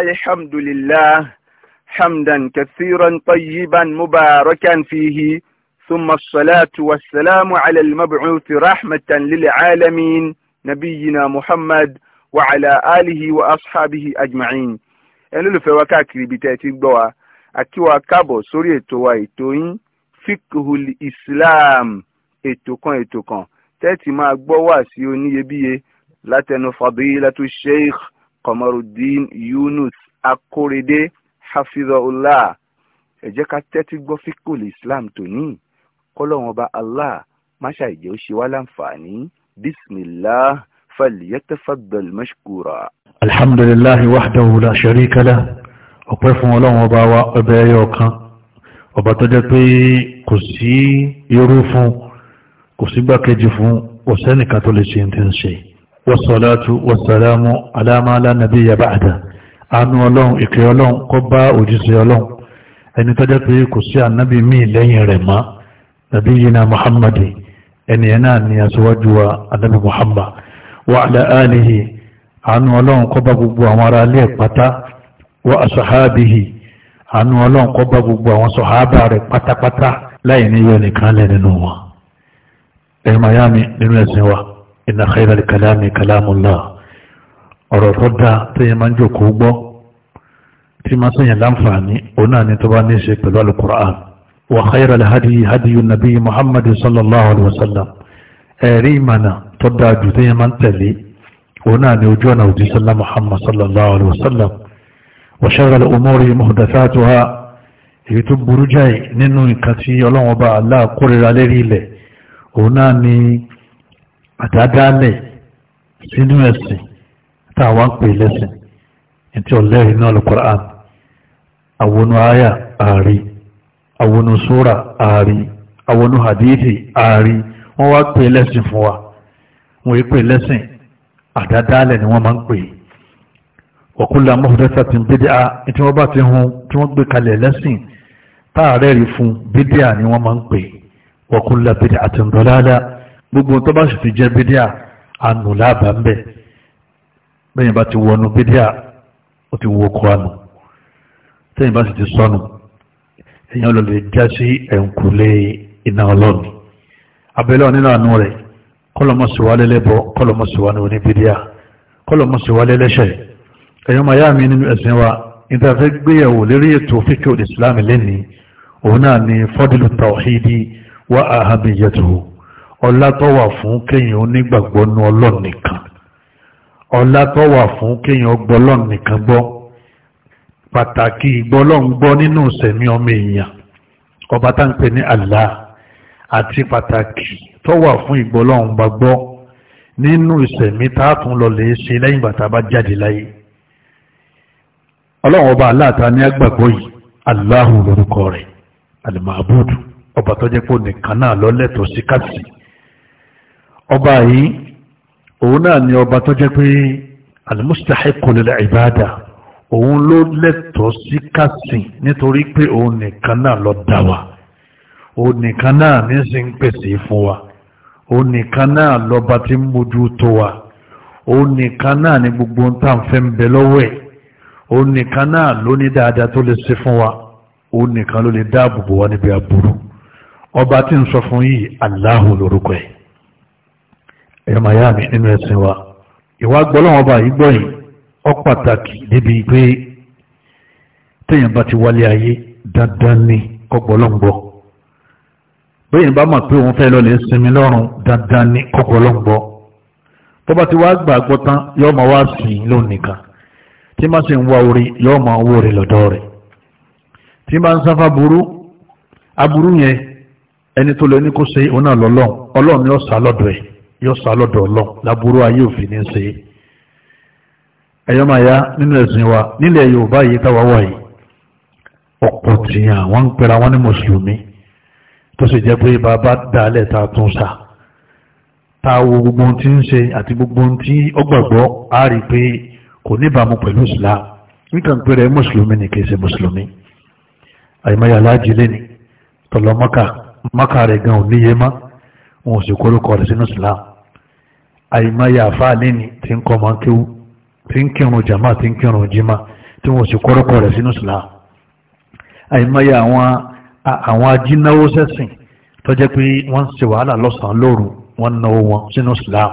الحمد لله حمدا كثيرا طيبا مباركا فيه ثم الصلاة والسلام على المبعوث رحمة للعالمين نبينا محمد وعلى آله وأصحابه أجمعين ألو فوكا كريبتات بوا أكيوا كابو سوري توي توي فقه الإسلام إتوكون إتوكون تاتي ما بوا سيوني يبيه لاتنو فضيلة الشيخ Kọmọrùdín Yunus Akórèdé hafizahullah ẹ jẹ́ ká tẹ́tí gbọ́ fíkùl Islam tòní kọ́lọ́wọ́n ọba Allah máṣá ìjẹ́ ó ṣe wá láǹfààní bismillah falyatafaddal mashkura. alhamdulilahi wahdahu la sharika lah ọpẹ́ fún ọlọ́run ọba wa ọbẹ̀ ẹyọ kan ọba tó jẹ́ pé kò sí irú fún kò sígbàkejì fún kò sẹ́nìkan tó lè ṣe ní ti ń ṣe wasalatu wasalamu alamala nabi ya ba'da anu ọlọ́run ìkẹ́ ọlọ́run kó bá òjíṣẹ́ ọlọ́run ẹni tọ́jọ́ pé kò sí ànábì míì lẹ́yìn rẹ̀ mọ́ nàbí yìí muhammadi ẹni ẹ̀ náà ni aṣíwájú wa ànábì muhammad wa ala alihi anu ọlọ́run kó bá gbogbo àwọn ará ilé pátá wa asahabihi anu ọlọ́run kó bá gbogbo àwọn sọ̀hábà rẹ̀ pátápátá láì ní yọ nìkan lẹ́ nínú wọn ẹ̀rọ mayami nínú ẹ̀sìn wa inna khayral kalami kalamullah ọ̀rọ̀ tó dáa tó yẹ máa ń jòkó gbọ́ tí máa sẹ́yìn láǹfààní òun náà ni tó bá ní í ṣe pẹ̀lú alukur'an wa khayral hadiyi hadiyu nabi muhammadu sallallahu alaihi wasallam ẹ̀rí ìmànà tó dáa jù tó yẹ máa ń tẹ̀lé òun náà ni ojú ọ̀nà òjì sallam muhammad sallallahu alaihi wasallam wa sharral umuri muhdathatuha èyí tó burú jáì nínú nǹkan tí ọlọ́wọ́n bá aláàkórira lérí ilẹ̀ òun náà ni àdádálẹ̀ sínú ẹ̀sìn táwọn pè lẹ́sìn ètí ọ̀lẹ́rìí náà al-Qur'an àwọnú àyà ààrí àwọnú súra ààrí àwọnú hadithi ààrí wọ́n wá pè lẹ́sìn fún wa wọ́n pè lẹ́sìn àdádálẹ̀ ni wọ́n máa ń pè wa kullu muhdathatin bídíà tí wọ́n bá ti hun tí wọ́n gbé kalẹ̀ lẹ́sìn táàrẹ́rìí fún bídíà ni wọ́n máa ń pè wa kullu bídíà àti gbogbo tó bá sì ti jẹ́ bídíà ànù láàbà ń bẹ̀ bẹ́yìn bá ti wọnú bídíà ó ti wọ ọkọ̀ ànù tẹ́yìn bá sì ti sọnù èèyàn ló lè já sí ẹ̀ǹkùlé iná ọlọ́run abẹ́lẹ́ nínú àánú rẹ̀ kọ́lọ́mọ́sowálẹ́lẹ́bọ kọ́lọ́mọ́sowálẹ́ oníbídíà kọ́lọ́mọ́sowálẹ́lẹ́ṣẹ̀ ẹ̀yọ́ máa yá mi nínú ẹ̀sìn wa ìtafẹ́ gbéyàwó lérí ètò fíkẹ́ òdìsílámì lẹ́ni òun náà ni fọ́dílù tàwíìdì wà áhàmìyàtò ọlá tó wà fún kéèyàn onígbàgbọ́ nu ọlọ́run nìkan ọlá tó wà fún kéèyàn gbọ́lọ́run nìkan gbọ́ pàtàkì ìgbọ́lọ́run gbọ́ nínú ìsẹ̀mí ọmọ èèyàn ọba tá ń pè ní Allah àti pàtàkì tó wà fún ìgbọ́lọ́run bá gbọ́ nínú ìsẹ̀mí tá a tún lọ lè ṣe lẹ́yìn bàtà bá jáde láyé ọlọ́run ọba aláàtà ní agbàgbọ́ yìí Allahu lórúkọ rẹ̀ alimabudu ọba tó jẹ́ pé nìkan náà lọ́lẹ́tọ̀ọ́ sí kásì ọba yìí òun náà ni ọba tó jẹ́ pé alimustahiqu lil ibada òun ló lẹ́tọ̀ọ́ sí kásìn nítorí pé òun nìkan náà ló dá wa òun nìkan náà ní sí ń pèsè fún wa òun nìkan náà lọ́ba tí ń mójú tó wa òun nìkan náà ní gbogbo ń tà ń fẹ́ ń bẹ lọ́wọ́ ẹ̀ òun nìkan náà ló ní dáadáa tó lè ṣe fún wa òun nìkan ló lè dáàbò bò wá níbi aburú ọba tí ń sọ fún yìí Allahu lórúkọ ẹ̀ ẹ̀yọ́ nínú ẹ̀sìn wa ìwà gbọ́lọ́wọ́n bá yìí gbọ́yìn pé téèyàn bá ti wálé ayé dandan ni kọ́gbọ́lọ́ngbọ́ bẹ́yìn bá mọ̀ pé òun fẹ́ lọ lè sinmi lọ́rùn dandan ni kọ́gbọ́lọ́ngbọ́ tó bá ti wá gbàgbọ́ tán yọ́ máa wá sìn lónìí kan tí máa sì ń wá orí yọ́ máa wó rẹ̀ lọ́dọ̀ rẹ̀ tí máa ń sáfà burú aburú yẹn ẹni tó lọ ní kó ṣe òun náà lọ́lọ́run ọlọ́run ni ó sá lọ́dọ̀ ẹ̀ yóò sá lọ́dọ̀ ọlọ́run láburú ayé òfin ní ṣe ẹ̀yọ́ máa yá nínú ẹ̀sìn wa nílẹ̀ yorùbá yìí táwa wà yìí ọ̀pọ̀ tìyàn wọ́n ń pera wọn ní mùsùlùmí tó sì jẹ́ pé bàbá dálẹ̀ ta tún sa ta wo gbogbo ohun tí ń ṣe àti gbogbo ohun tí ó gbàgbọ́ á rí i pé kò níbàámu pẹ̀lú islam nǹkan pé rẹ̀ mùsùlùmí ni kì í ṣe mùsùlùmí àyèmáyà aláàjì lẹ́ni tọ̀lọ́ mọ́kà mọ́kà rẹ̀ gan ò níye máa wọn ò sì kórúkọ rẹ̀ sínú islam àìmáyà àfáàlẹ́ ni ti ń kọ́ máa ń kéwú ti ń kírun jama ti ń kírun jima tí wọn ò sì kórúkọ rẹ̀ sínú islam àìmáyà àwọn ajínáwó sẹ́sìn tó jẹ́ pé wọ́n ń ṣe wàhálà lọ́sàn-án lóru wọ́n ń náwó wọn sínú islam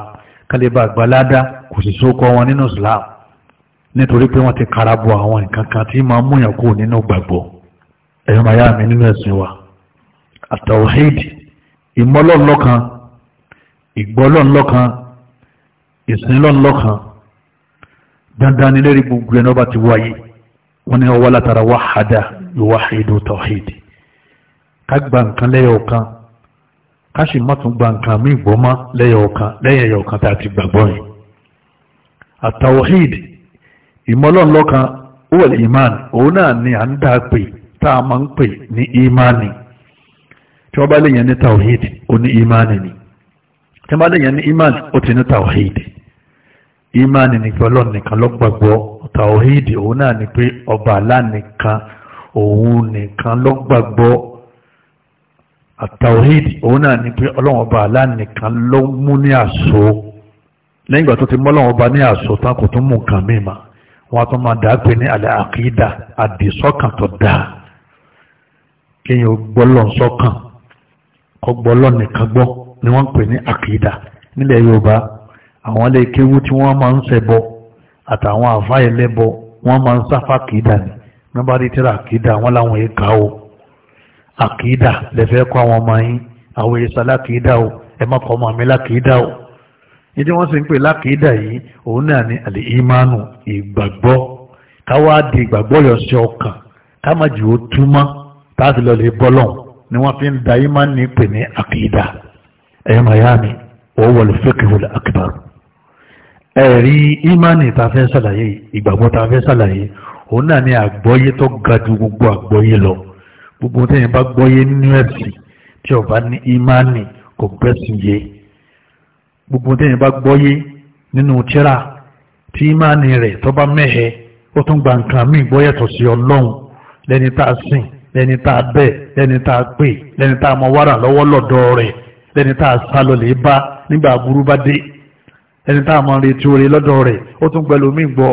kálíbà gbalada kò sì sókọ wọn nínú islam nítorí pé wọ́n ti karabọ àwọn nǹkan kan tí máa múyàn kú nínú gbàgbọ́ ẹ̀yọ́ màyá mi nínú ẹ̀sìn wa àtàwọ̀ haiti ìmọ́lọ́nlọ́kan ìgbọ́lọ́nlọ́kan ìsinlọ́nlọ́kan dandan ni lérí gbogbo ẹni ọba ti wáyé wọn ni ọwọ́ látara wáhádà yuwahidu tawhidi ká gba nǹkan lẹ́yọ̀ọ̀kan ká sì má tún gba nǹkan mí gbọ́mọ́ lẹ́yọ̀ọ̀kan lẹ́yọ̀ọ̀kan tá a ti gbàgbọ́ yìí àtàwọ̀hídì ìmọ́lọ́nlọ́kan ó wà ní ìmáàni òun náà ni à ń dá pè tá a máa ń pè ní ìmáàni tí wọ́n bá lè yẹn ní tawhid ó ní imani ni tí wọ́n bá lè yẹn ní imani ó ti ní tawhid imani ni pé ọlọ́run nìkan ló gbàgbọ́ tawhid òun náà ni pé ọba alánìkan òun nìkan ló gbàgbọ́ àtàwhid òun náà ni pé ọlọ́run ọba alánìkan ló mú ní àṣọ lẹ́yìn ìgbà tó ti mọ́ ọlọ́run ọba ní àṣọ tán kò tún mú nǹkan míì mà wọ́n tún máa dàá pé ní alẹ́ àkídà àdìsọ́kàn tó dáa kéèyàn gbọ́lọ́ sọ́kàn kọgbọ́ lọ́nìkan gbọ́ ni wọ́n ń pè ní àkìdá nílẹ̀ yorùbá àwọn ilé kéwú tí wọ́n máa ń ṣẹbọ àtàwọn àfa ẹlẹ́bọ máa ń sáfà àkìdá ni nígbà tí tíra àkìdá wọn làwọn yìí kà ó àkìdá lẹ́fẹ́ kọ́ àwọn ọmọ yín àwọn èèṣà lákìdá o ẹ má kọ́ ọmọ mi lákìdá o ní tí wọ́n sì ń pè lákìdá yìí òun náà ni àlè ìmánu ìgbàgbọ́ káwá di ìgbàgbọ́ yọ sí ọkàn ká má jù ó túmọ̀ táàfin lọ lè bọ́ lọ́hùn ni wọ́n fi ń da ìmánì pè ní àkìdá ẹ̀yọ́ mayami wọ́wọ́ lè fẹ́kẹ̀wò lè àkìdá ẹ̀rí ìmánì ta fẹ́ sàlàyé ìgbàgbọ́ ta fẹ́ sàlàyé òun náà ni àgbọ́yé tó ga ju gbogbo àgbọ́yé lọ gbogbo tẹ́yìn bá gbọ́yé nínú ẹ̀sìn tí ọba ní ìmánì kò gbẹ́sìn yé gbogbo tẹ́yìn bá gbọ́yé nínú tíra tí ìmánì rẹ̀ tó bá mẹ́hẹ ó tún gba nǹkan míì gbọ́yẹ̀tọ̀ sí ọlọ́run lẹ́ni tá a sìn lẹ́ni tá a bẹ̀ lẹ́ni tá a pè lẹ́ni tá a mọ wàrà lọ́wọ́ lọ́dọ̀ rẹ̀ lẹ́ni tá a sá lọ lè bá nígbà aburú bá dé lẹ́ni tá a mọ retí oore lọ́dọ̀ rẹ̀ ó tún pẹ̀lú mí gbọ́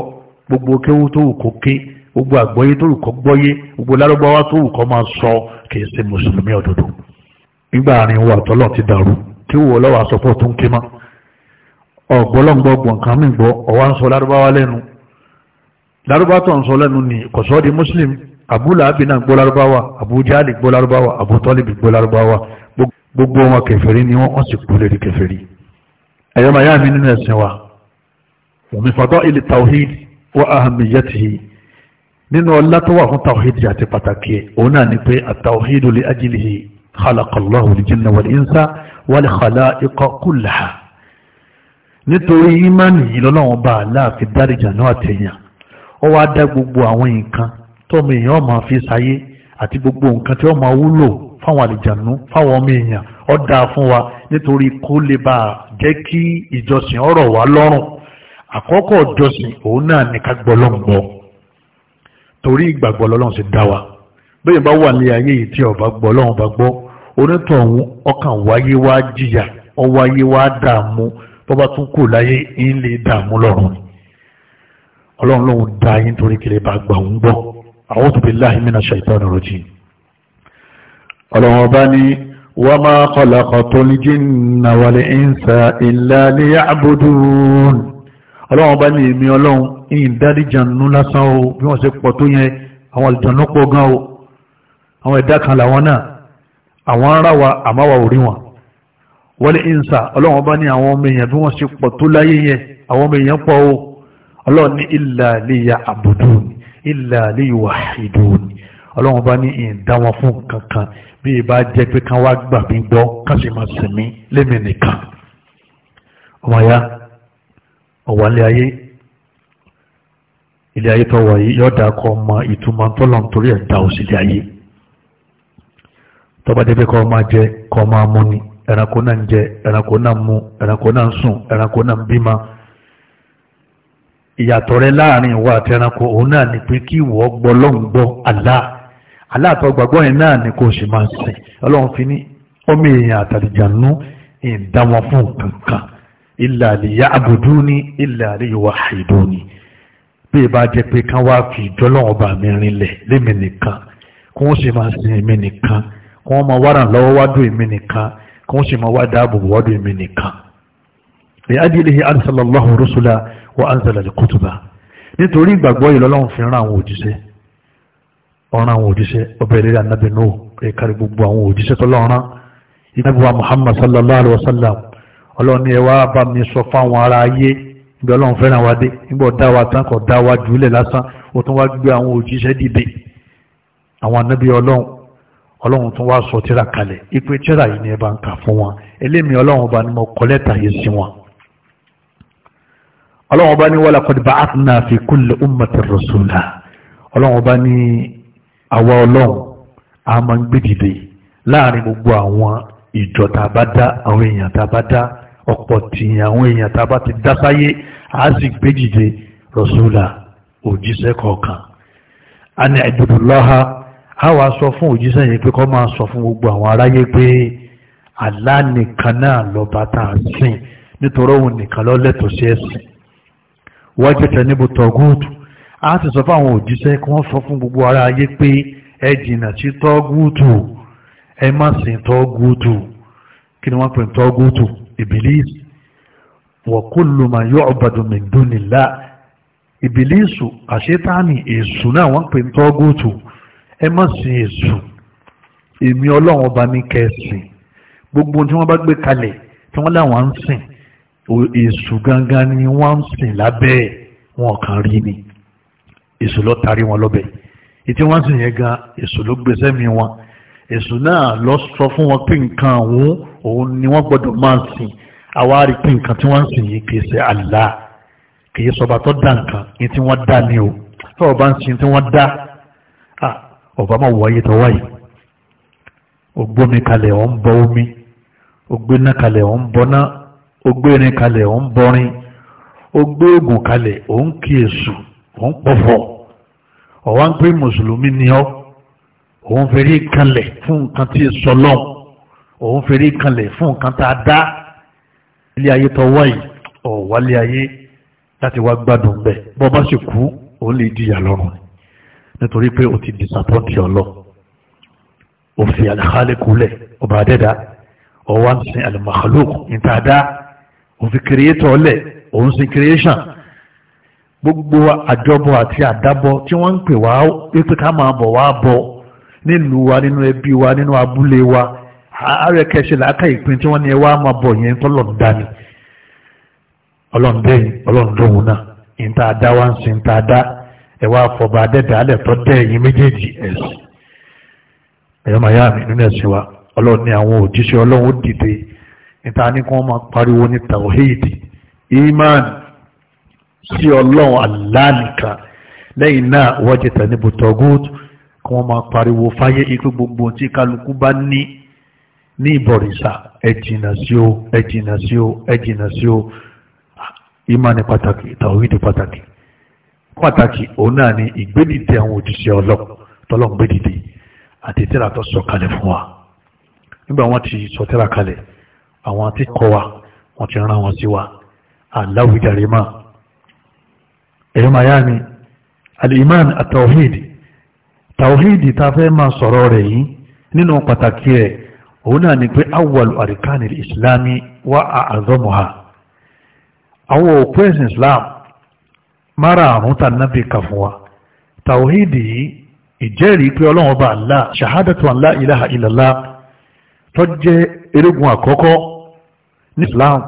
gbogbo kéwú tó wù kó ké gbogbo àgbọ́yé tó wù kó gbọ́yé gbogbo lárúbáwá tó wù kó máa sọ kì í ṣe mùsùlùmí òdodo nígbà àárín wa tọ́lọ̀ ti dàrú kí wò lọ́wọ́ àsopọ̀ tó ń ké mọ́ ọ̀gbọ́lọ́ngbọ́ gbọ̀ǹkan mí gbọ́ ọ̀wá ń sọ lárúbáwá lẹ́nu lárúbá tó ń sọ lẹ́nu ni kò di mùsùlùmí abúlàábì náà gbọ́ lárúbáwá abújáàlì gbọ́ lárúbáwá abútọ́lìbì gbọ́ lárúbáwá gbogbo wọn kèfèrí ni wọ́n sì kú lérí kèfèrí ẹ̀yọ́ màá yá mi nínú ẹ̀sìn wa min fadaili tawhid wa ahamiyatihi nínú ọlá tó wà fún tawhid àti pàtàkì ẹ̀ òun náà ni pé àtàwhídù li ajlihi khalaqallahu li jinna wal insa wal khalaiqa kullaha nítorí ìmánì yìí lọ́lọ́wọ́n bá aláàfin dáríjà náà tẹ̀yàn ó wá dá gbogbo àwọn nǹkan tọ́mọ èèyàn máa fi sáyé àti gbogbo nǹkan tí wọ́n máa wúlò fáwọn àlìjànú fáwọn ọmọ èèyàn ó dáa fún wa nítorí kó lè bá a jẹ́ kí ìjọsìn ọ̀rọ̀ wá lọ́rùn àkọ́kọ́ ìjọsìn òun náà ní ká gbọ́ lọ́n gbọ́ torí ìgbàgbọ́ lọ́lọ́run sì dá wa bẹ́ẹ̀ bá wà ní ayé yìí tí ọba gbọ́ lọ́run bá gbọ́ onítọ̀hún ọkàn wáyé wá jìyà ọwáyé wá dààmú bọ́bá tún kù láyé ń lè dààmú lọ́rùn ọlọ́run lòun dá yín torí kí lè bá gbà ń gbọ́ a'udhu billahi minash shaitani rajim ọlọ́wọ́n bá ní wa ma khalaqatul jinna wal insa illa liya'budun ọlọ́wọ́n bá ní èmi ọlọ́run ìyìn dáríjànú lásán o bí wọ́n ṣe pọ̀ tó yẹn àwọn àlìjànú pọ̀ gan o àwọn ẹ̀dá kan làwọn náà àwọn ará wa àmáwà orí wọn wal insa ọlọ́wọ́n bá ní àwọn ọmọ èèyàn bí wọ́n ṣe pọ̀ tó láyé yẹn àwọn ọmọ èèyàn pọ̀ o ọlọ́run ní illa liya'budun illa liyuwahhidun ọlọ́run bá ní ìdá wọn fún kankan bí ìbá jẹ́ pé kán wá gbà mí gbọ́ kán sì máa sìn mí lémi nìkan ọmọ ya ọ̀wálé ayé ilé ayé tó wà yìí yọ̀ọ́ dà kọ́ ọmọ ìtumọ̀ tọ́lọ̀ nítorí ẹ̀dá òsìlẹ̀ ayé tọ́ba dé pé kọ́ ọmọ jẹ kọ́ ọmọ amúni ẹranko náà ń jẹ ẹranko náà ń mu ẹranko náà ń sùn ẹranko náà ń bímọ ìyàtọ̀ rẹ láàrin ìwọ àti ẹranko òun náà ni pé kí ìwọ gbọ́ lọ́hùn gbọ́ Allah Allah tó gbàgbọ́ yẹn náà ni kò sì máa sìn ọlọ́run fi ní ọmọ èèyàn àtàlìjànú ìdáwọn fún kankan illa liya'buduni illa liyuwahhiduni bí ìbá jẹ́ pé kán wá fi ìjọlọ́wọ́ bá mi rinlẹ̀ lémi nìkan kí wọ́n sì máa sin èmi nìkan kí wọ́n máa wárà lọ́wọ́ wádùn èmi nìkan kí wọ́n sì máa wá dáàbò wádùn èmi nìkan wa anzala al-kutuba nítorí ìgbàgbọ́ yìí lọ́lọ́run fi rán àwọn òjíṣẹ́ ọ̀ràn àwọn òjíṣẹ́ ọbẹ̀ ìlérí anábì náà rẹ̀ kárí gbogbo àwọn òjíṣẹ́ tọ́lọ́run ìnábì wa muhammad sallallahu alayhi wa sallam ọlọ́run ni ẹ wá bá mi sọ fáwọn ará ayé ibi ọlọ́run fẹ́ràn wa dé nígbà ọ̀dá wa tán kò dá wa jùlẹ̀ lásán ó tún wá sọ tíra kalẹ̀ ipe tíra yìí ni ẹ bá ń kà fún wọn elémi ọlọ́run ọba ni mo kọ́ lẹ́tà yìí sí wọn ọlọ́run ọba ní wọ́lá kọ́dí ba'athna fi kulli ummatin rasula ọlọ́run ọba ní àwa ọlọ́run a máa ń gbé dìde láàrin gbogbo àwọn ìjọ tá a bá dá àwọn èèyàn tá a bá dá ọ̀pọ̀ tìyàn àwọn èèyàn tá a bá ti dá sáyé a sì gbé dìde òjíṣẹ́ kọ̀ọ̀kan àni ibudullaha a wá sọ fún òjíṣẹ́ yẹn pé kó máa sọ fún gbogbo àwọn aráyé pé Allah nìkan náà lọ́ba tá a sìn nítorí òun nìkan ló lẹ́tọ̀ọ́ sí ẹ̀sìn wọ́n tẹ̀tẹ̀ níbo tọ́gùtù a ti sọ fáwọn òjíṣẹ́ kí wọ́n sọ fún gbogbo ara ayé pé ẹ jìnà sí tọ́gùtù ẹ má sìn tọ́gùtù kí ni wọ́n pè tọ́gùtù ìbílísì wa kullu ma yu'badu min dunillah ìbílísù àṣetáàní èṣù náà wọ́n pè tọ́gùtù ẹ má sìn èṣù èmi ọlọ́run ọba ní kẹ́sìn gbogbo tí wọ́n bá gbé kalẹ̀ tí wọ́n láwọn ń sìn èṣù gangan ni wọ́n ń sìn lábẹ́ wọn kàn rí ni èṣù ló tarí wọn lọ́bẹ̀ ìtí wọ́n sìn yẹn gan èṣù ló gbèsè mi wọn èṣù náà lọ sọ fún wọn pé nǹkan òun òun ni wọ́n gbọ́dọ̀ máa sìn àwa rí pé nǹkan tí wọ́n sìn yìí kìí ṣe Allah kìí sọba tó dá nǹkan ní tí wọ́n dá ni o tó o bá ń sìn tí wọ́n dá ọba máa wọ ayé tó wáyé o gbómi kalẹ̀ ọ̀ ń bọ omi o gbéná kalẹ̀ ọ̀ ń bọ náà ó gbérin kalẹ̀ ó ń bọrin ó gbé oògùn kalẹ̀ ó ń kí èṣù ó ń pọ̀fọ̀ ọ̀wá ń pè mùsùlùmí ni ọ́ òun fèrè kalẹ̀ fún nǹkan tí ì sọ lọ́n òun fèrè kalẹ̀ fún nǹkan tá a dá ilé ayé tó wá yìí ọ̀wálé ayé láti wá gbádùn bẹ́ẹ̀ bọ́ bá sì kú òun lè jìyà lọ́rùn nítorí pé o ti disapọ́ǹtì ọlọ́ òfin àlàkálẹ̀ ọba àdẹ́dà ọwọ́ àti sin àlùmọ̀kálókù ní tá a dá òun fi creator lẹ̀ òun sin creation gbogbo àjọbọ àti àdábọ tí wọ́n ń pè wá pé ká máa bọ̀ wá bọ nílùú wa nínú ẹbí wa nínú abúlé wa ààrẹ kẹsì làákà ìpín tí wọ́n ní ẹ wá máa bọ̀ yẹn tó lọ́n dání ọlọ́n dẹ́yìn ọlọ́n lóhun náà ìta àdá wa ń sin ìta àdá ẹ wá fọba adẹ́dàálẹ̀ tó dẹ́ ẹ̀yìn méjèèjì ẹ̀sìn ẹ̀yọ́ màyá mi nínú ẹ̀sìn wa ọlọ́run ní àwọn òjíṣẹ́ ọlọ́run ó dìde níta ní kí wọ́n máa pariwo ní tawhidi iman sí ọlọ́run Allah nìkan lẹ́yìn náà wọ́jẹ̀ tẹ̀níbù tọ́gùt kí wọ́n máa pariwo fáyé ikú gbogbo tí kálukú bá ní ní ìbọ̀rìṣà ẹ̀jìnà sí o ẹ̀jìnà sí o ẹ̀jìnà sí o ìmánì pàtàkì tawhidi pàtàkì pàtàkì òun náà ni ìgbédìde àwọn òjíṣẹ́ ọlọ́run tọ́lọ́run gbédìde àti tírà tó sọ kalẹ̀ fún wa nígbà wọn ti sọ tírà kalẹ̀ àwọn tí kọ́ wa wọ́n ti rán wọn sí wa aláwùjáre máa ẹ̀yọ́ máa yá ni al-iman àtàwíìdì tàwíìdì ta fẹ́ máa sọ̀rọ̀ rẹ̀ yìí nínú pàtàkì rẹ̀ òun náà ni pé awwal àríkánì islami wá àzọ́mọ̀ha àwọn òkú ẹ̀sìn islam mara àrùn tànàbí kàfùwa tàwíìdì yìí ìjẹ́rìí pé ọlọ́run bá Allah shahadatu an ilaha illallah tó jẹ́ erégun àkọ́kọ́ ní Islam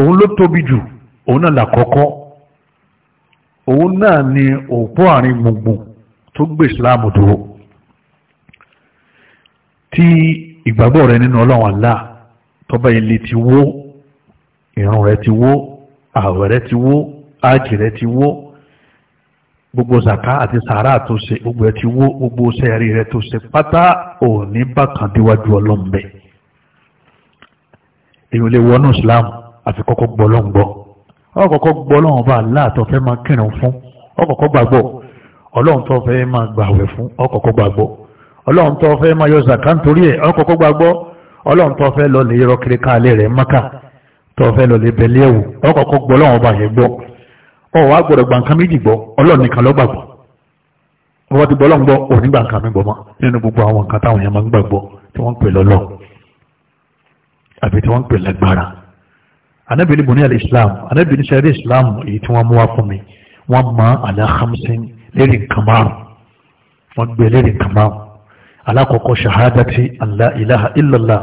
òun ló tóbi jù òun náà làkọ́kọ́ òun náà ni òpó àárín gbùngbùn tó gbé Islam dúró tí ìgbàgbọ́ rẹ nínú Ọlọ́run Allah tọ́ba ilé ti wó ìrun rẹ ti wó ààwẹ̀ rẹ ti wó áàjì rẹ ti wó gbogbo zaka àti sàárà tó ṣe gbogbo ẹ ti wó gbogbo sẹ́ẹ̀rí rẹ tó ṣe pátá òní bákan díwájú ọlọ́m̀bẹ èyí ò lè wọnú Islam àfi kọ́kọ́ gbọ́ ọlọ́run gbọ́ ọkọ̀kọ́ gbọ́ ọlọ́run bá láàtọ̀ fẹ́ máa kírun fún ọkọ̀kọ́ gbàgbọ́ ọlọ́run tó fẹ́ máa gbàwẹ̀ fún ọkọ̀kọ́ gbàgbọ́ ọlọ́run tó fẹ́ máa yọ zaka nítorí ẹ̀ ọkọ̀kọ́ gbàgbọ́ ọlọ́run tó fẹ́ lọ ọ wàá gbọ́dọ̀ gba nǹkan méjì gbọ́ ọlọ́run nìkan ló gbàgbọ́ ọwọ́ ti gbọ́ ọlọ́run gbọ́ òní gba nǹkan mi gbọ́ mọ́ nínú gbogbo àwọn nǹkan táwọn yẹn máa ń gbàgbọ́ tí wọ́n ń pè lọ́lọ́ àbí tí wọ́n ń pè lágbára anábì ní bùnú islam anábì ní sẹ́rí islam èyí tí wọ́n mú wá fún mi wọ́n mọ aláhàmsìn lérí nǹkan márùn wọ́n gbé e lérí nǹkan márùn alákọ̀ọ́kọ́ shahadati alla ilaha illallah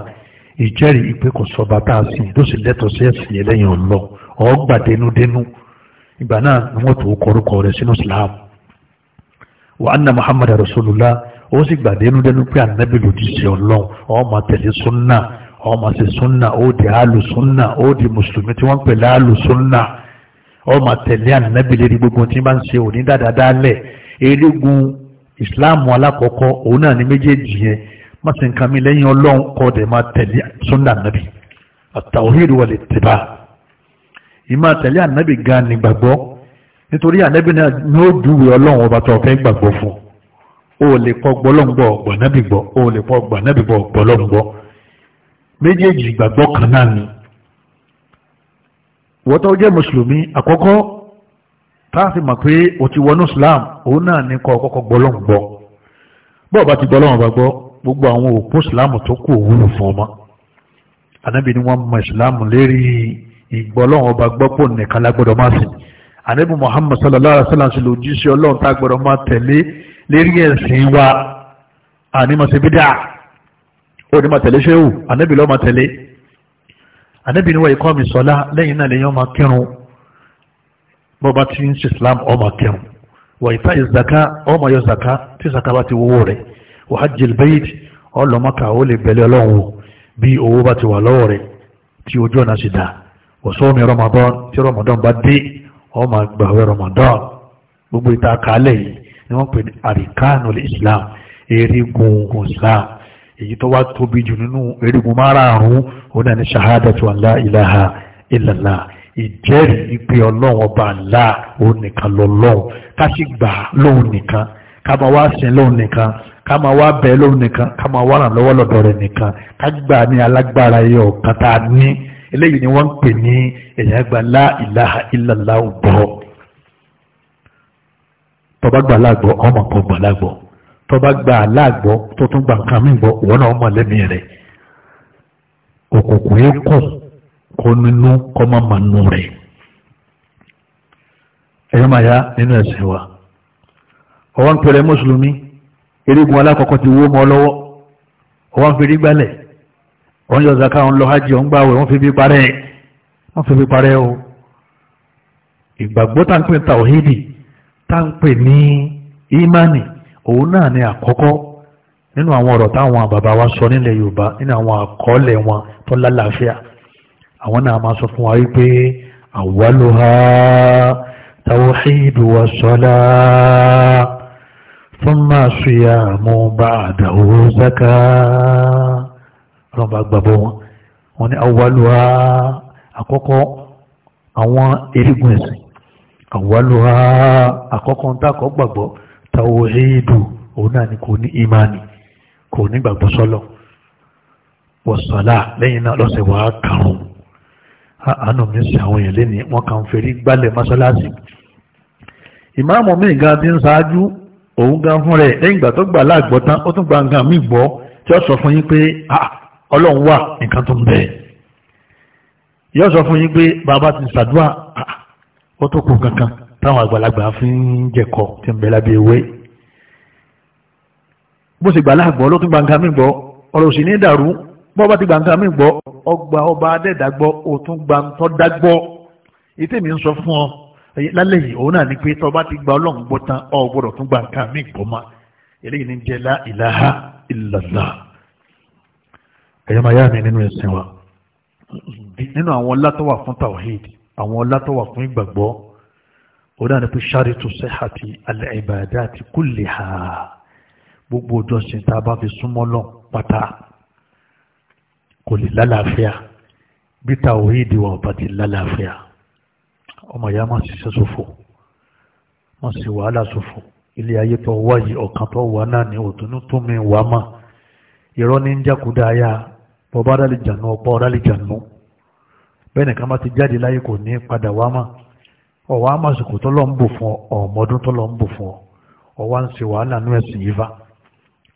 ìjẹ́rìí ìpẹ́kọ̀sọ́ba tá a sìn tó sì lẹ́tọ̀ọ́ sí ẹ̀sìn ẹlẹ́yìn ọ̀lọ́ ọ̀ọ́gbà dénúdénú ìgbà náà ni wọ́n tó kọrúkọ rẹ̀ sínú islam wa anna muhammad rasulullah ó sì gbà dénú dénú pé ànábì lòdì sí ọlọ́run ó máa tẹ̀lé súnà ó máa ṣe súnà ó di àlù súnà ó di mùsùlùmí tí wọ́n ń pèlè àlù súnà ó máa tẹ̀lé ànábì lérí gbogbo tí bá ń ṣe òní dáadáa lẹ̀ erégun islam alákọ̀ọ́kọ́ òun náà ni méjèèjì yẹn má sì ń kàmí lẹ́yìn ọlọ́run kọ́ dẹ̀ máa tẹ̀lé súnà ànábì at-tawhid wal-ittiba' ìmá tẹ̀lé ànábì gan ni gbàgbọ́ nítorí ànábì náà ní ó júwe ọlọ́run ọba tó fẹ́ gbàgbọ́ fún o lè kọ́ gbọ́lọ́ngbọ́ gbọ̀nábì gbọ́ o lè kọ́ gbọ̀nábì gbọ́ gbọ́lọ́ngbọ́ méjèèjì gbàgbọ́ kan náà ni wọ́n tó jẹ́ mùsùlùmí àkọ́kọ́ táàfin mọ̀ pé o ti wọnú Islam òun náà ní kọ́ kọ́kọ́ gbọ́lọ́ngbọ́ bọ́ọ̀ bá ti gbọ́lọ́run ọba gbọ́ gbogbo àwọn òpó Islam tó kù òwúlò fún ọmọ ànábì ni wọ́n mọ Islam lérí ìgbọ́lọ́wọ́n ọba gbọ́pọ̀ nìkan lágbọ́dọ̀ máa sìn ànábì muhammad sallallahu alaihi wasallam ṣe lòjíṣẹ́ ọlọ́run tá gbọ́dọ̀ máa tẹ̀lé lérí ẹ̀sìn wa ànímọ̀sí bídà ó ní máa tẹ̀lé ṣéwù ànábì lọ́ọ́ máa tẹ̀lé ànábì níwọ̀ ikọ́ mi sọlá lẹ́yìn náà lèyàn máa kírun bó bá ti ń ṣe islam ó máa kírun wà ìta ìzàká ó máa yọ zàká tí zàká bá ti wọ́wọ́ rẹ̀ wà hajjil bayt ọlọ́mọkà ó lè bẹ̀lẹ́ ọlọ́run bí owó bá ti wà lọ́wọ́ rẹ̀ tí ojú ọ̀nà sì dáa òṣòmí Ramadan tí Ramadan bá dé ọ máa gbàwẹ̀ Ramadan gbogbo ìta kálẹ̀ yìí ni wọ́n pè ní àríkánul Islam erigun Islam èyí tó wá tóbi jù nínú erigun márààrún ó ilaha illallah ìjẹ́rìí ipe ọlọ́run ọba ńlá òun nìkan lọ́lọ́run ká sì gbà lóun nìkan ká máa wá sin lóun nìkan ká máa wá bẹ̀ lóun nìkan ká máa wá ràn lọ́wọ́ lọ́dọ̀ rẹ̀ nìkan ká gbà ní alágbára ẹyọ kan tá a ní eléyìí ni wọ́n ń pè ní èyàn gba la ilaha illallah bọ́ tọba gba aláàgbọ́ ọmọ kan gba aláàgbọ́ tọba gba aláàgbọ́ tó tún gba nǹkan mí gbọ́ òun náà mọ̀ lẹ́mìí rẹ̀ òkùnkùn yẹn kọ̀ kó nínú kọ́ má mà nù rẹ̀ ẹ̀yọ́ máa yá nínú ẹ̀sìn wa ọwọ́n pẹ̀lẹ́ mùsùlùmí erigun alákọ̀ọ́kọ́ ti wó mọ́ lọ́wọ́ ọwọ́n fi gbálẹ̀ wọ́n yọ zaka wọn lọ hajj wọn gbáwẹ̀ wọ́n fi bí parẹ́ wọ́n fi bí parẹ́ o ìgbàgbọ́ tá ń pè tàwíìdì tá ń pè ní ìmánì òun náà ni àkọ́kọ́ nínú àwọn ọ̀rọ̀ táwọn bàbá wa sọ nílẹ̀ yorùbá nínú àwọn àkọọ́lẹ̀ wọn tó lálàáfíà àwọn náà máa sọ fún wa wípé àwálùhà tàwíìdì wa sọ́lá fún máa ṣùyà mú bá àdàwó zaka ọlọ́run bá gbàgbọ́ wọn wọn ni awwaluha àkọ́kọ́ àwọn erigun ẹ̀sìn awwaluha àkọ́kọ́ ńdàkọ́ gbàgbọ́ tawhidu òun náà ni kò ní imani kò ní gbàgbọ́ sọ́lọ̀ wọ̀sọ̀lá lẹ́yìn náà lọ́sẹ̀ wàá kàrún àánú mi sí àwọn èèyàn lẹ́ni wọ́n kàn fèrí gbálẹ̀ mọ́sálásì ìmáàmù mi gan ti ń ṣáájú òun gan fún rẹ̀ lẹ́yìn ìgbà tó gbà láàgbọ́ tán ó tún gba mi gbọ́ tí ó sọ fún yín pé ah, ọlọ́run wà nǹkan tó ń bẹ yóò sọ fún yín pé bàbá ti ṣàdúrà ah, ah, ó tó kù kankan táwọn àgbàlagbà fi ń jẹ̀kọ tí ń bẹ lábẹ́ ewé bó ṣe gbàlá àgbọ̀ ló tún gbàǹkà mí gbọ́ ọ̀rọ̀ òsì ní dàrú bó bá ti gbàǹkà mí gbọ́ ọgbà ọba adẹ́dàgbọ́ ó tún gbàǹtọ́ dágbọ́ ìtẹ́mi ń sọ fún ọ lálẹ́ yìí òun náà ni pé tọ́ ti gba ọlọ́run gbọ́ tán ọ tún gbàǹkà mí gbọ́ ma eléyìí ní jẹ́ lá ìlàlá ẹ̀yọ́ máa yá mi nínú ẹ̀sìn wa nínú àwọn ọlá tó wà fún tawhid àwọn ọlá tó wà fún ìgbàgbọ́ orí àná pé ṣáàrètò sẹ́hàtì alẹ́ ìbàdà àti kúlè ha gbogbo ọjọ́sìn tá a bá fi súnmọ́ lọ pátá kò lè lálàáfíà bí tawhid wà bá ti lálàáfíà ọmọ ìyá máa ṣiṣẹ́ ṣòfò máa ṣe wàhálà ṣòfò ilé ayé tó wáyé ọ̀kan tó wà náà ní òtún tó mi wà má ìrọ́ ní ń jákúdá ayá bọ̀bá rálì jànú ọ̀pọ̀ rálì jànú bẹ́ẹ̀ nìkan bá ti jáde láyé kò ní padà wá mà ọ̀wá àmàsùkò tọ́lọ́ ń bò fún ọ ọ̀mọdún tọ́lọ́ ń bò fún ọ ọ̀wá ń ṣe wàhálà nú ẹ̀sìn yìí fa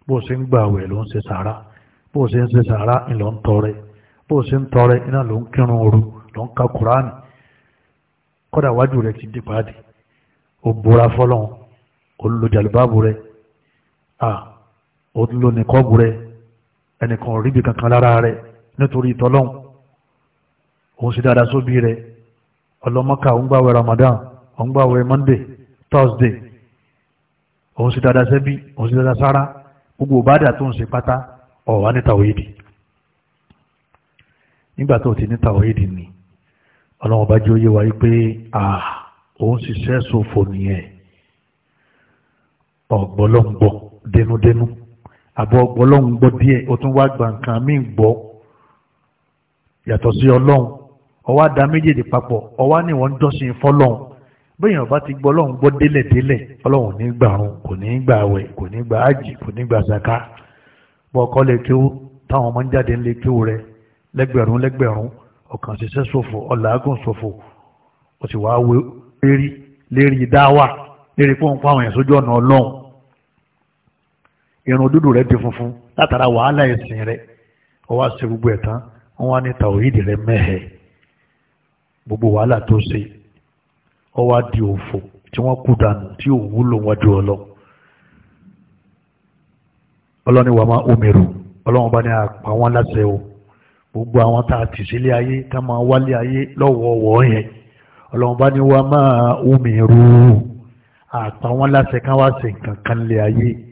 bó ṣe ń gbààwẹ̀ ló ń ṣe sàárà bó ṣe ń ṣe sàárà ìlọ ń tọrẹ bó ṣe ń tọrẹ iná ló ń kírun òru ló ń ka kuraani kọ́dà wájú rẹ̀ ti di paadi ó bora fọlọ́n olùjàlùbáàbù rẹ̀ à ó lónìí kọ́ọ̀bù rẹ̀ ẹnìkan ò ríbi kankan lára rẹ̀ nítorí ìtọ́lọ́hún òun sì dáadáa sóbí rẹ̀ ọlọ́mọ́ka òun gbàwẹ̀ Ramadan òun gbàwẹ̀ Monday Thursday òun sì dáadáa sẹ́bí òun sì dáadáa sára gbogbo òbádà tó ń ṣe pátá ọ̀wá ní tàwíìdì nígbà tó ti ní tàwíìdì ni ọlọ́run bá jẹ́ òye wa yí pé òun sì sẹ́sọ̀ fò nìyẹn ọ̀gbọ́lọ́ngbọ̀ dénúdénú àbọ̀ ọlọ́run gbọ́ díẹ̀ ó tún wá gbà nǹkan mí gbọ́ yàtọ̀ sí ọlọ́run ọwọ́ àdá méjèèjì papọ̀ ọwọ́ ni wọ́n ń dọ́sìn fọ́lọ́run bẹ́yìn ọba ti gbọ́ ọlọ́run gbọ́ délẹ̀ délẹ̀ ọlọ́run ní gbà run kò ní gbà àwẹ̀ kò ní gbà ájì kò ní gbà zaka bọ́ ọkọ lè kéwú táwọn ọmọ ń jáde ń lè kéwú rẹ lẹ́gbẹ̀rún lẹ́gbẹ̀rún ọ̀kan ṣiṣẹ́ ṣòfò ọ̀làágùn ṣòfò ó sì wá wérí lérí dáwà lérí pọ́npọ́n àwọn ẹ̀sọ́jọ́ ọ̀nà ọlọ́run irun dúdú rẹ di funfun látara wàhálà ẹ̀sìn rẹ ó wá ṣe gbogbo ẹ̀ tán wọ́n wá ní tàwíìdì rẹ mẹ́hẹ̀ gbogbo wàhálà tó ṣe ó wá di òfò tí wọ́n kú dànù tí ò wúlò wájú ọlọ́ ọlọ́ni wàá máa omeru ọlọ́run bá ní àpá wọn láṣẹ o gbogbo àwọn tá a tì sílé ayé tá a máa wálé ayé lọ́wọ́ọ̀wọ́ yẹn ọlọ́run bá ní wàá máa omeru àpá wọn láṣẹ ká wá nǹkan kan lé ayé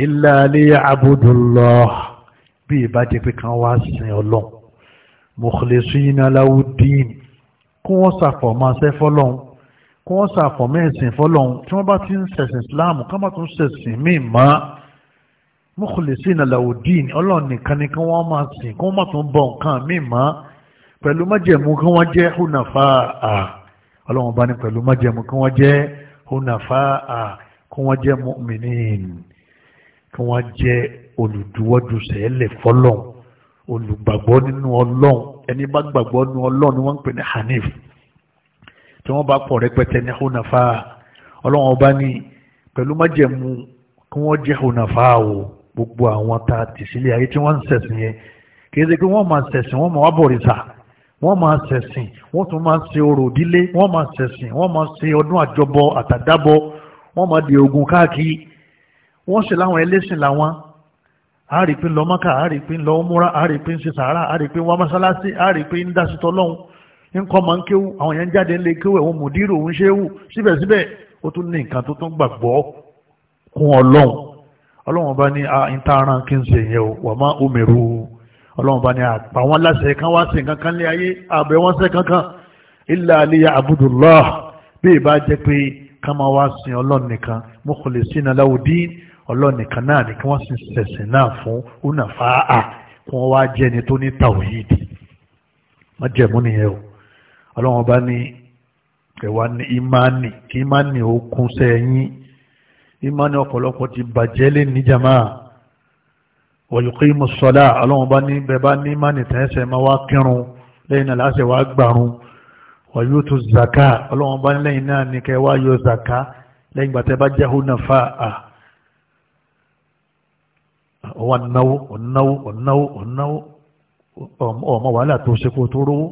illa liya'budullah bí ìbá jẹ́ pé kan wá sin ọlọ́run mukhlisina lahu din kí wọ́n ṣàfọ̀mọ́ ṣẹ́ fọ́lọ́run kí wọ́n ṣàfọ̀mọ́ ẹ̀sìn fọ́lọ́run tí wọ́n bá ti ń ṣẹ̀sìn islam kí wọ́n bá tún ṣẹ̀sìn míì mọ́ mukhlisina lahu din ọlọ́run nìkan ni kí wọ́n máa sìn kí wọ́n má tún bọ nǹkan míì mọ́ pẹ̀lú májẹ̀mú kí wọ́n jẹ́ húnàfà ọlọ́run kí wọ́n jẹ́ olùdúwọ́dúsẹ̀ ẹlẹ̀ fọ́lọ́n olùgbàgbọ́ nínú ọlọ́run ẹni bá gbàgbọ́ nínú ọlọ́run ni wọ́n ń pè ní hanif tí wọ́n bá pọ̀ rẹpẹtẹ ní hunafa ọlọ́run ọba ní pẹ̀lú májẹ̀mú kí wọ́n jẹ́ hunafa o gbogbo àwọn tá a tì sílé ayé tí wọ́n ń ṣẹ̀sìn yẹn kì í ṣe pé wọ́n máa ṣẹ̀sìn wọ́n máa wá bọ̀rìṣà wọ́n máa ṣẹ̀sìn wọ́n tún máa ṣe orò ìdílé wọ́n máa ṣẹ̀sìn wọ́n máa ṣe ọdún àjọbọ àtàdábọ wọ́n máa di ogun káàkiri wọ́n ṣe láwọn ẹlẹ́sìn làwọn àárìpín lọ mọ́kà àárìpín lọ múra àárìpín ṣe sàárà àárìpín wá mọ́sálásí àárìpín dásítọ́ lọ́hùn nǹkan máa ń kéwù àwọn èèyàn jáde ńlẹ̀ kéwù ẹ̀wọ̀n mùdírò ń ṣe wù síbẹ̀síbẹ̀ ó tún ní nǹkan tó tún gbàgbọ́ kún ọlọ́run ọlọ́run bá ní ìtaran kí n ṣe yẹn o wà má omeru ọlọ́run bá ní àpá wọn láṣẹ kan wá sí nǹkan lé ayé àbẹ̀ wọn sẹ́ kankan ilà aliya abudullah bí ìbá jẹ́ pé ká máa wá sin ọlọ́run nìkan mukhlisina lahu din ọlọ́run nìkan náà ni kí wọ́n sì sẹ̀sìn náà fún unafa a kí wọ́n wáá jẹ́ ẹni tó ní tàwíìdì wọ́n jẹ̀mú nìyẹn o ọlọ́run bá ní ẹ̀wà ní ìmánì kí ìmánì ó kún sẹ́yìn ìmánì ọ̀pọ̀lọpọ̀ ti bàjẹ́ lé níjàmá wọ̀lùkímù sọ́lá ọlọ́run bá ní bẹ́ẹ̀ bá ní ìmánì tẹ́sẹ̀ máa wá kírun lẹ́yìn náà láṣẹ wá gbàrun wàyútu zaka ọlọ́run bá ní lẹ́yìn náà ní kẹ́ wá yọ zaka lẹ́yìn gbàtẹ́ bá jẹ́ hunafa a ọwọ́ náwó ọ̀náwó ọ̀náwó ọ̀náwó ọmọ wàhálà tó ṣe kó tó rówó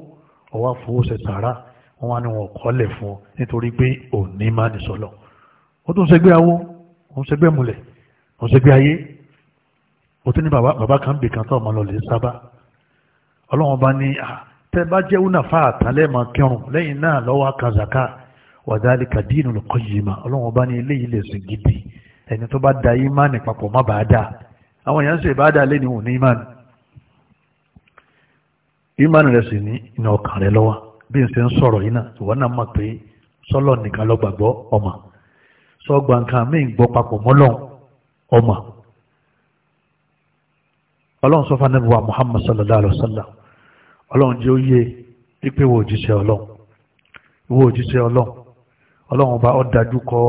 ọwọ́ fowó ṣe tààrà wọn wá ní wọn kọ́lẹ̀ fún ọ nítorí pé òní máa ní sọlọ ó tún ṣẹgbẹ́ awó òun ṣẹgbẹ́ mulẹ̀ òun ṣẹgbẹ́ ayé ó tún ní bàbá bàbá kan bì kan tó ọmọ lọ lè sábà ọlọ́wọ́n bá ní tẹ́ bá jẹ́ wúnàfà àtàlẹ́mọ̀ kírun lẹ́yìn náà lọ́wọ́ kazaka wàdálíkà dínú lọ́kọ́ yìí mà ọlọ́wọ́n bá ní eléyìí lè sìn gidi ẹni tó bá da yìí má ní má bàá dáa àwọn èèyàn ń ṣe ìbáadà lé ní òun ní ìmánu ìmánu rẹ̀ sì ní iná ọkàn rẹ̀ lọ́wọ́ bí n ṣe ń sọ̀rọ̀ yìí náà ìwọ náà mọ̀ pé sọ́lọ̀ nìkan ló gbàgbọ́ ọmọ sọ́gbà nǹkan míì gbọ́ papọ̀ mọ́lọ́n ọmọ ọlọ́run sọ fún anábìwá Muhammad sallallahu alayhi wa sallam ọlọ́run jẹ́ oyè pípé wo òjíṣẹ́ ọlọ́run wo òjíṣẹ́ ọlọ́run ọlọ́run ọba ọ̀dájú kọ́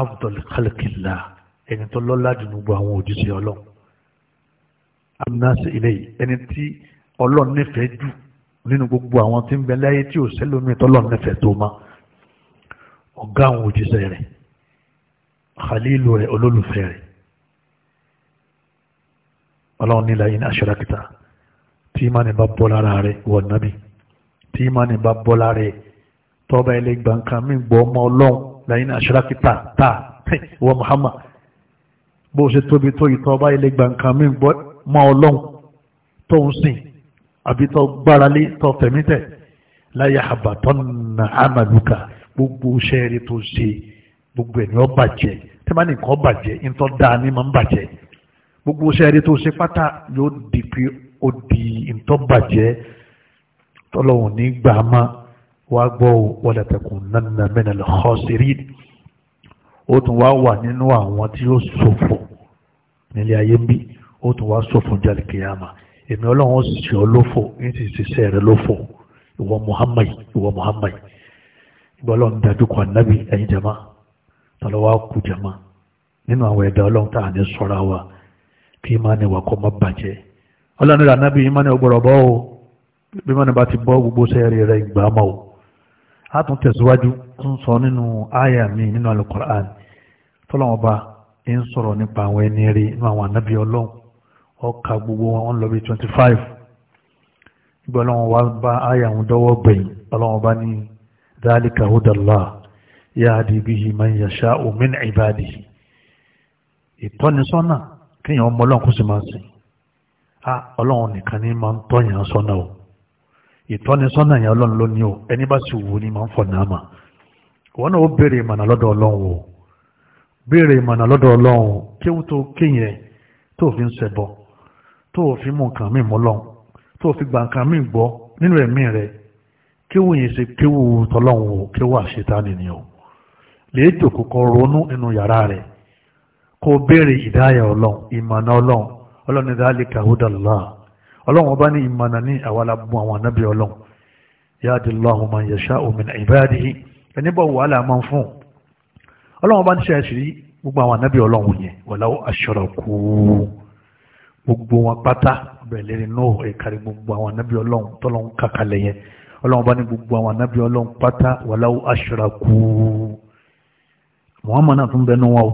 abdul khalqillah ẹni tó lọ́lá jù gbogbo àwọn òjíṣẹ́ ọlọ́run amúnásí ilé yìí ẹni tí ọlọ́run nífẹ̀ẹ́ jù nínú gbogbo àwọn tí ń bẹ láyé tí ò sẹ́lómi tọ́lọ́run nífẹ̀ẹ́ tó ma ọ̀gá àwọn òjíṣẹ́ rẹ̀ khalilu rẹ̀ olólùfẹ́ rẹ̀ ọlọ́run nílá yìí ní aṣọ́rakítà tí ìmánì bá bọ́ lára rẹ̀ wọ̀ nábì tí ìmánì bá bọ́ lára rẹ̀ tọ́ba ẹlẹ́gbàǹkan mí gbọ́ ọmọ ọlọ́run láyé ní aṣọ́rakítà tá wọ́n Muhammad bó ṣe tóbi tó ìtọ́ bá ilé gbàǹkan mi gbọ́ mọ́ ọlọ́run tó ń sìn àbí tó gbáralé tó fẹ̀mítẹ̀ láyà àbàtọ́nà àmàlùkà gbogbo ṣẹ́ẹ̀rí tó ṣe gbogbo ẹ̀mí ọ bàjẹ́ tí má nìkan bàjẹ́ ìtọ́ dáa ní máa ń bàjẹ́ gbogbo ṣẹ́ẹ̀rí tó ṣe pátá yóò di pé ó di ìtọ́ bàjẹ́ tọ́lọ́hùn ní gbàmá wàá gbọ́ wọlé tẹkùn nánà mẹ́nà lọ́ọ́ ó tún wá wà nínú àwọn tí ó ṣòfò nílé ayé ń bí ó tún wá ṣòfò jáde kìyàmà èmi ọlọ́run ó sì ọ lófò ń sì ṣiṣẹ́ rẹ lófò ìwọ Muhammad ìwọ Muhammad ìgbà ọlọ́run dájú kọ jama tọ́lọ́ wá kú jama nínú àwọn ẹ̀dá ọlọ́run tá à ní wa kí má ní wàkọ́ má bàjẹ́ ọlọ́run rẹ̀ má ní ọgbọ̀rọ̀ bọ́ o bí má ní bá ti bọ́ gbogbo o a tún tẹ̀síwájú sọ nínú àyà tọ́lọ́wọ́n bá ń sọ̀rọ̀ nípa àwọn ẹni rí inú àwọn ànábì ọlọ́run ọkà gbogbo wọn lọ bí twenty five nígbà ọlọ́run wá bá àyà àwọn dọ́wọ́ gbẹ̀yìn ọlọ́run bá ní dhalika hudallah yahdi bihi man yasha'u min ibadihi ìtọ́nisọ́nà kíyàn ọmọ ọlọ́run kó sì máa sìn á ọlọ́run nìkan ní máa ń tọ́yàn sọ́nà o ìtọ́nisọ́nà yẹn ọlọ́run o ẹni bá sì wù ní máa ń fọ̀ náà mà wọn náà ó béèrè ìmọ̀nà lọ́dọ̀ ọlọ́run o. béèrè ìmọ̀nà lọ́dọ̀ ọlọ́run kéwú tó kéyìn tó fi ń ṣẹbọ tó fi mú nǹkan mí mọ́ lọ́run tó fi gba nǹkan mí gbọ́ nínú ẹ̀mí rẹ̀ kéwú yìí ṣe kéwú tọ́lọ́run o kéwú àṣetánì ni o lè jòkó kọ ronú nínú yàrá rẹ̀ kó béèrè ìdáyà ọlọ́run ìmọ̀nà ọlọ́run ọlọ́run ní dhalika hudallah ọlọ́run ọba ní ìmọ̀nà ní àwọn ànábì ọlọ́run bá ń ṣe àṣírí gbogbo àwọn ànábì ọlọ́run yẹn wọ̀láwó aṣọ́rọ̀kú gbogbo wọn pátá bẹ̀lẹ́rì náà ẹ̀kárí gbogbo àwọn ànábì ọlọ́run tọ́lọ́run kàkàlẹ̀ yẹn ọlọ́run bá ní gbogbo àwọn ànábì ọlọ́run pátá wọ̀láwó aṣọ́rọ̀kú Muhammad náà tún bẹnu wọn o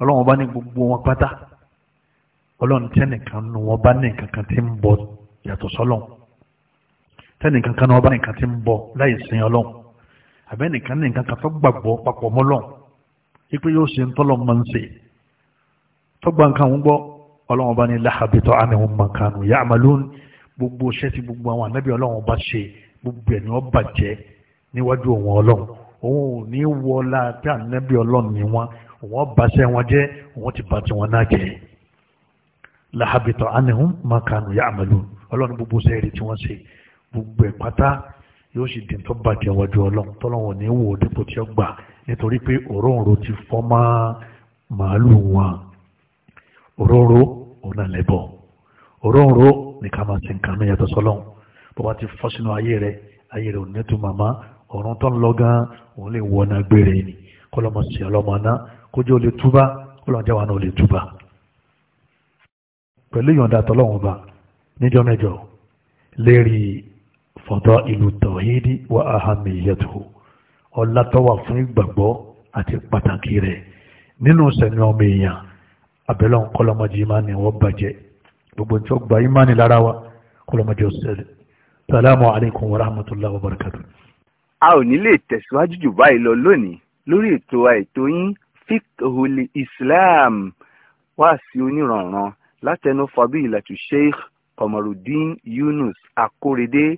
ọlọ́run bá ní gbogbo wọn pátá ọlọ́run tẹ́nìkan nu wọn bá ní nǹkan kan tí ń bọ yàtọ̀ sọ́lọ́run tẹ́nìkan kan nu wọn bá ní nǹkan tí ń bọ láì sin ọlọ́run àbẹ́nìkan ní nǹkan kan tó gbàgbọ́ papọ̀ mọ́lọ́run ipe yóò ṣe ń tọ́lọ̀ mọ́ ń ṣe tọ́gbà nǹkan ń gbọ́ ọlọ́run bá ní láhàbítọ́ àmìhun mọ̀kánu yá àmàlóhùn gbogbo ṣẹ́ ti gbogbo àwọn ànábì ọlọ́run bá ṣe gbogbo ẹ̀ ni wọ́n bàjẹ́ níwájú òun ọlọ́run òun ò ní wọlá pé ànábì ọlọ́run ni wọ́n òun ọbaṣẹ́ wọn jẹ́ òun ti bá tiwọn náà jẹ́ láhàbítọ́ àmìhun mọ̀kánu yá àmàlóhùn ọlọ́run gbogbo sẹ́ẹ̀rì tí wọ́n ṣe gbogbo ẹ̀ pátá yóò sì dìntọ́ bàjẹ́ wájú ọlọ́run tọ́lọ́run nítorí pé òróǹro ti fọ́ mọ́ màálù wọn òróǹro ọ̀nà lẹ́bọ̀ òróǹro nìkan máa ṣe nǹkan mẹ́yàtọ̀ sọ́lọ́hún bó bá ti fọ́ sínú ayé rẹ ayé rẹ ò ní tu màmá ọ̀run tó ń lọ gan òun lè wọ ọ̀nà gbére ni kọ́lọ́mọ sí ọlọ́mọ náà kójú ó lè túbá kọ́lọ́mọ jẹ́ wà náà ó lè túbá pẹ̀lú ìyọ̀ǹda tọ́lọ́hún bá níjọ́ mẹ́jọ lérí fọ̀dọ̀ ìlú tọ̀hídì wà áhàmì ìyẹ́tùú ọlá tó wà fún ìgbàgbọ́ àti pàtàkì rẹ̀ nínú sẹ̀mí ọmọ èèyàn abẹ́lẹ́ kọlọmọdé ìmánì wọ́n bàjẹ́ gbogbo tí ó gba ìmánì lára wa kọlọmọdé ọ̀sẹ̀lẹ̀ salamu alaykum wa rahmatulahi wa barakatu. a ò ní lè tẹ̀síwájú jù báyìí lọ lónìí lórí ètò àìtó yín fiqhul islam wá sí onírànran látẹnu fadilatu sheikh Kọmọrùdín Yunus Akórèdé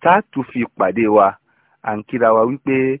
tá a tún fi pàdé wa à ń kíra wa wípé.